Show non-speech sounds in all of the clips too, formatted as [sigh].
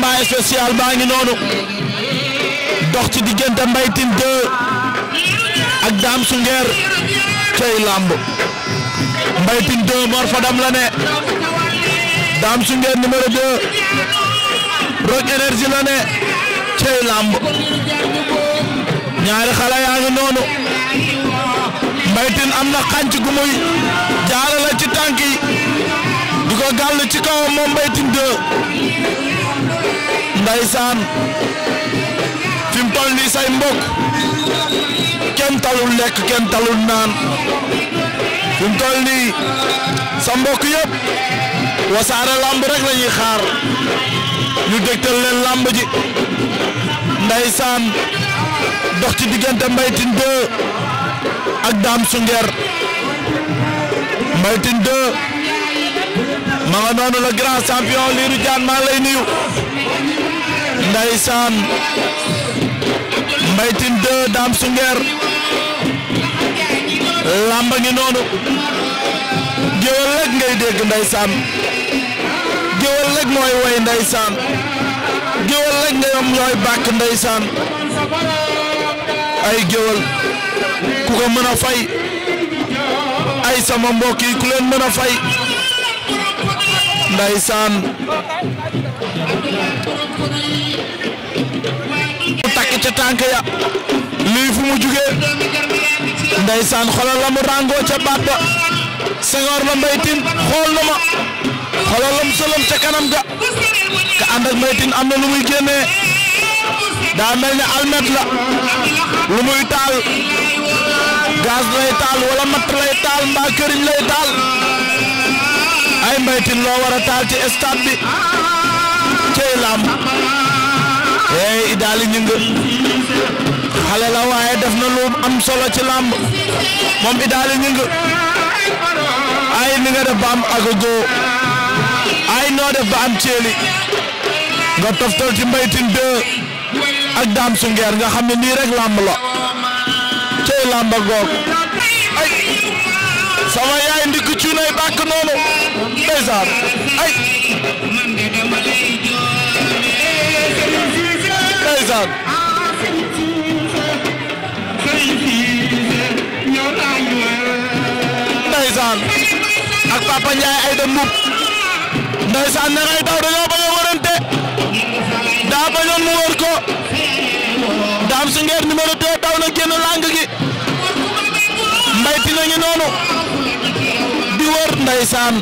combat spécial baa ngi noonu dox ci diggante Mbaye Tine 2 ak Dame Souguer cey lamb Mbaye Tine 2 Mor la ne Dame Souguer numéro 2 Rock Énergie la ne cey lamb ñaari xale yaa ngi noonu Mbaye Tine am na xànc gu muy jaarale ci tànk yi di ko gàll ci kawam moom Mbaye Tine 2 ndaysaan fi mu toll nii say mbokk kenn talul lekk kenn talul naan fi mu nii sa mbokk yëpp wasaare lamb rek la ñuy xaar ñu dégtal leen lamb ji ndaysaan dox ci diggante Mbaye Tine 2 ak Dame Souguer Mbaye Tine 2 noonu la grand champion Lirou Diane maa lay nuyu. Ndeysaan Mbaye Tine 2 Dame Souguer lamba ngi noonu géwél rek ngay dégg Ndeysaan géwél rek mooy woy Ndeysaan géwél rek ngay am ñooy bàkk Ndeysaan ay géwél ku ko mën a fay ay sama mbokk yi ku leen mën a fay Ndeysaan takk ca tànk ya lii fu mu jugee ndeysaan xoolal la mu ca baat ba Senghor ba Mbaye xool na ma xoolal la ca kanam ga ka ànd ak am na lu muy génnee daa mel ne almet la lu muy taal gaz lay taal wala matt lay taal mbaa këriñ lay taal ay Mbaye Tine loo war a taal ci stade bi daali ñëng xale la waaye def na lu am solo ci làmb moom i daali ñëng ay ni nga def ba am ak góo ay noo def ba am ceeli nga toftal ci mbaytin deux ak daam su nga xam ne nii rek làmb la cey làmb goog ay sama yaay ndik cuunay bàkk noonu ndeysaan ndeysaan ndeysaan ak Papa Ndiaye ay dem mbub ndeysaan na ngay daw dañoo bañ a wërante daa bañoon mu wër daam si ngeer numéro 2 daw na génn làng gi mbay tina ngi noonu di wër ndeysaan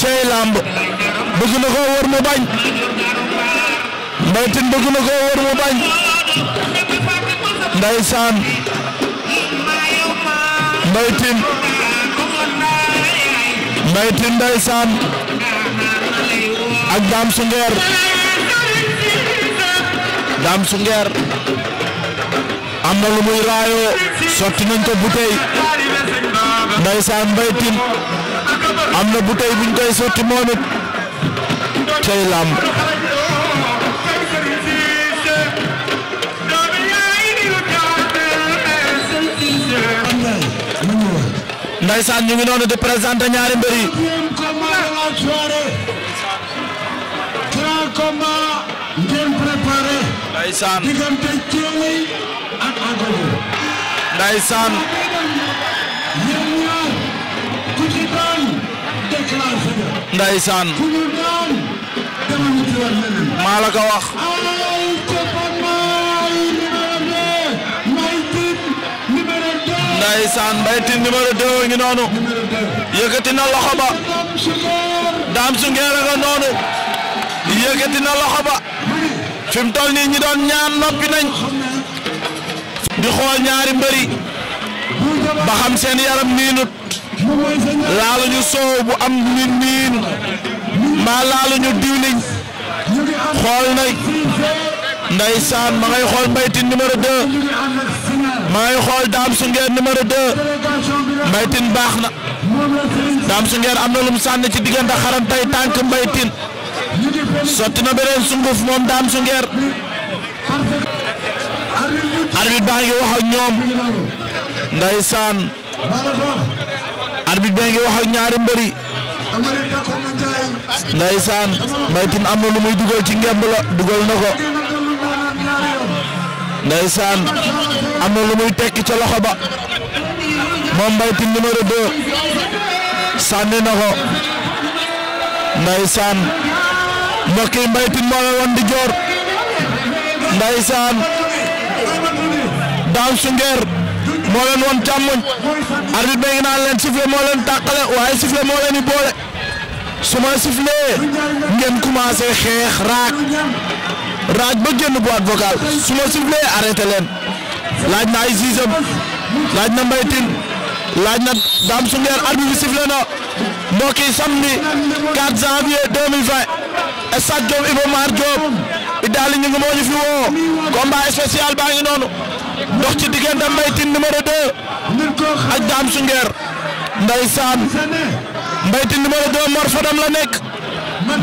cey lamb bëgg na ko mu bañ Mbaye Tine bëgg na ko wër mu bañ ndeysaan Mbaye Tine Mbaye Tine ak Dame Souguer am na lu muy raayoo sotti nañ ko bouteille ndeysaan Mbaye Tine am na bouteille buñ koy sotti moom it cay ndaysaan ñu ngi noonu di présenté ñaari mbër yi grand combat bien préparé ndaysaan diggante ku ci daan déclaré ndaysaan ku ñu daan maa la ko Ndeysaan Mbaye Tine numéro 2 ngi noonu yëkkati na loxo ba Dame Sougere nga noonu yëkkati na loxo ba fi mu toll nii ñi doon ñaan noppi nañ di xool ñaari mbëri ba xam seen yaram niinut laaluñu soow bu am nit niin mbaa laaluñu diwliñ xool nañ Ndeysaan ma ngay xool Mbaye Tine numéro 2. maa ngi xool Dame Souguer numéro 2 Mbaye baax na Dame Souguer am na lu mu sànni ci diggante xarantay tànk Mbaye Tine sotti na beneen sunguf moom Dame Souguer arbitre baa ngi wax ak ñoom ndeysaan arbitre baa ngi wax ak ñaari mbëri ndeysaan Mbaye Tine am na lu muy dugal ci ngemb la dugal na ko am na lu muy tekki ca loxo ba moom Mbaye Tine numéro 2 sànni na ko ndeysaan mbokk yi Mbaye Tine moo la woon di joor ndeysaan daaw sungeer moo leen woon càmmoñ arbitre bi ngi leen sifflé moo leen tàqale waaye sifflé moo leen di boole su ma sifflé ngeen commencé xeex raak ba génn boîte vocale su ma sifflé arrêté leen laaj na ay siisam laaj na Mbaye Tine laaj na Dame Souguer arbitre bi sifflé na mbokk yi samedi 4 janvier 2020 stade Diop Iba Mar Diop Idaly ñu ngi moo fi woo combat spécial baa ngi noonu dox ci diggante Mbaye Tine numéro 2 ak Dame Souguer ndeysaan Mbaye Tine numéro 2 Mor Fadam la nekk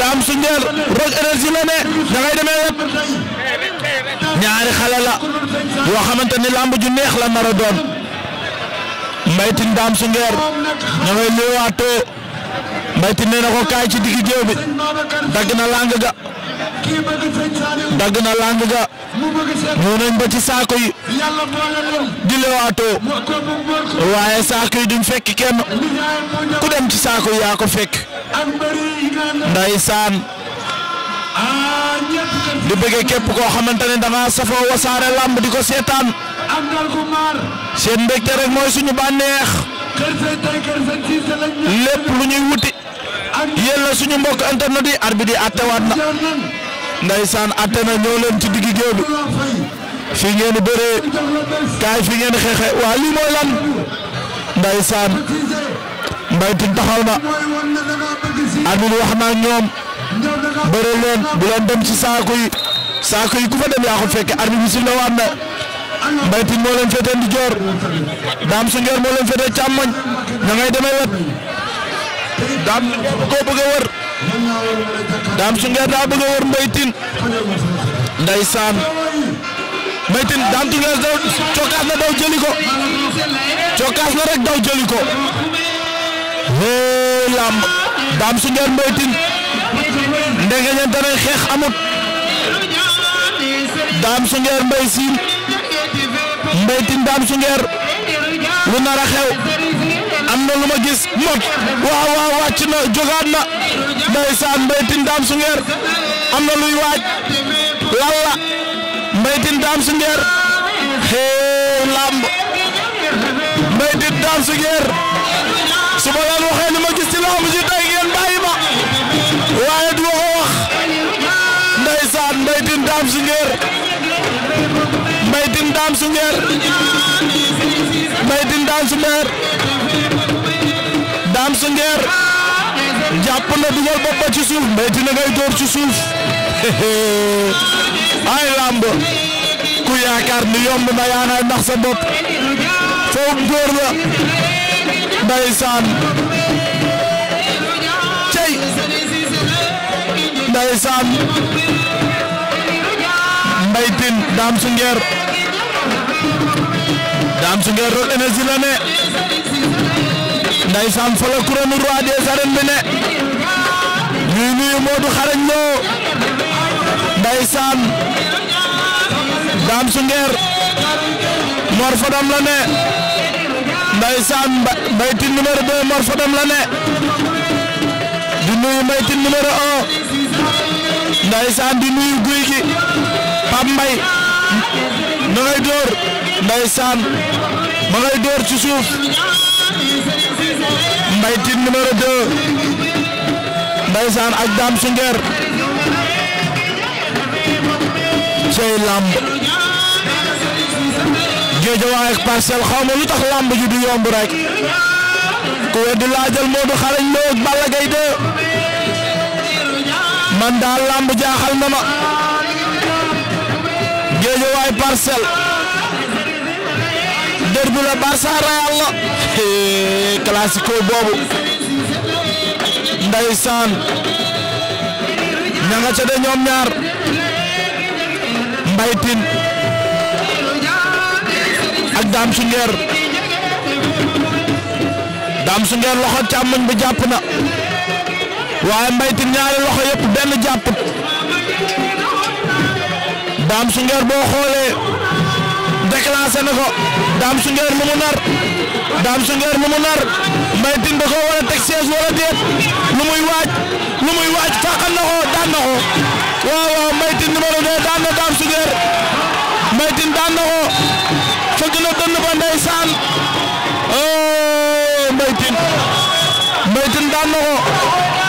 Dame Souguer Rock Énergie la ne da demee wet ñaari xale la yoo xamante ni lamb ju neex la nar a doon mbaytin daam su ngeer ña ngay léewaatoo mbaytin nee na ko kaay ci digg géew dagg na lang ga dagg na lang ga ñëw nañ ba ci saako yi di léewaatoo waaye saako yi duñ fekk kenn ku dem ci saako yi yaa ko fekk ndeysaan di bëggee képp koo xamante ne da ngaa safoo wasaare lamb di ko seetaan seen mbégte rek mooy suñu bànneex lépp lu ñuy wuti yéen la suñu mbokk internet yi arbi di attewaat na ndaysaan atte na ñoo leen ci digg géew bi fi ngeen bëree kaay fi ngeen xeexe waa lii mooy lan ndaysaan mbaytin taxaw na arbi wax na ñoom bëre leen bu leen dem ci saako yi saako yi ku fa dem yaa ko fekke arbitre bi si la waat na Mbaye Tine moo leen féetee ndijoor Dame Sungeer moo leen féetee càmmoñ ña ngay demee wet daam koo bëgg a wër Dame Sungeer daa bëgg a wër Mbaye Tine ndeysaan Mbaye Tine Dame Sungeer daw cokkaas na daw jëli ko cokkaas na rek daw jëli ko hee lamb Dame Sungeer Mbaye Tine ndegeñante nañ xeex amut daam su ngeer mbay daam su lu nar xew am na lu ma gis mot waaw waaw wàcc na jogaat na ndeysaan mbay daam su am na luy waaj lan la daam su ngeer lamb mbay daam su Sungeer Mbaye Tine Dame Sungeer Dame Sungeer jàpp na dugal ci suuf [laughs] Mbaye Tine ku yaakaar ni yomb na yaa nay nax sa bopp foofu góor la ndeysaan cey ndeysaan Mbaye Tine Dame Sungeer Dame Suguer Rock Énergie la ne ndeysaan fa la couronne roi des arènes bi ne ñuy nuyu Modou Xarañ Lo ndeysaan Dame Suguer Mor Fadam la ne ndeysaan Mbaye Tine numéro 2 Mor Fadam la ne di nuyu Mbaye Tine numéro 1 ndeysaan di nuyu Guy gi Pape Mbaye ma ngay dóor ak Dame Souguer lamb Guédiawaye ak Parcelles xaw ma tax lamb ji yomb rek ku weddi laajal Modou Xarañ Lo ak Balla Gaye 2 man daal lamb na ma ay parcelles derby la Barça Real la classico boobu ndeysaan ña nga ca de ñoom ñaar Mbaye Tine ak Dame Souguer Dame Souguer loxo càmmoñ bi jàpp na waaye Mbaye Tine ñaari loxo yëpp benn jàpp Dame Souguer boo xoolee déclenché na ko Dame Souguer mu mu nar Dame Souguer mu mu nar Mbaye Tine da ko war a teg siège lu muy waaj lu na ko daan na ko waaw waaw Mbaye Tine numéro 2 daan na Dame Souguer Mbaye Tine daan na ko fëgg na dënn ba ndeysaan oh Mbaye Tine Mbaye Tine daan na ko.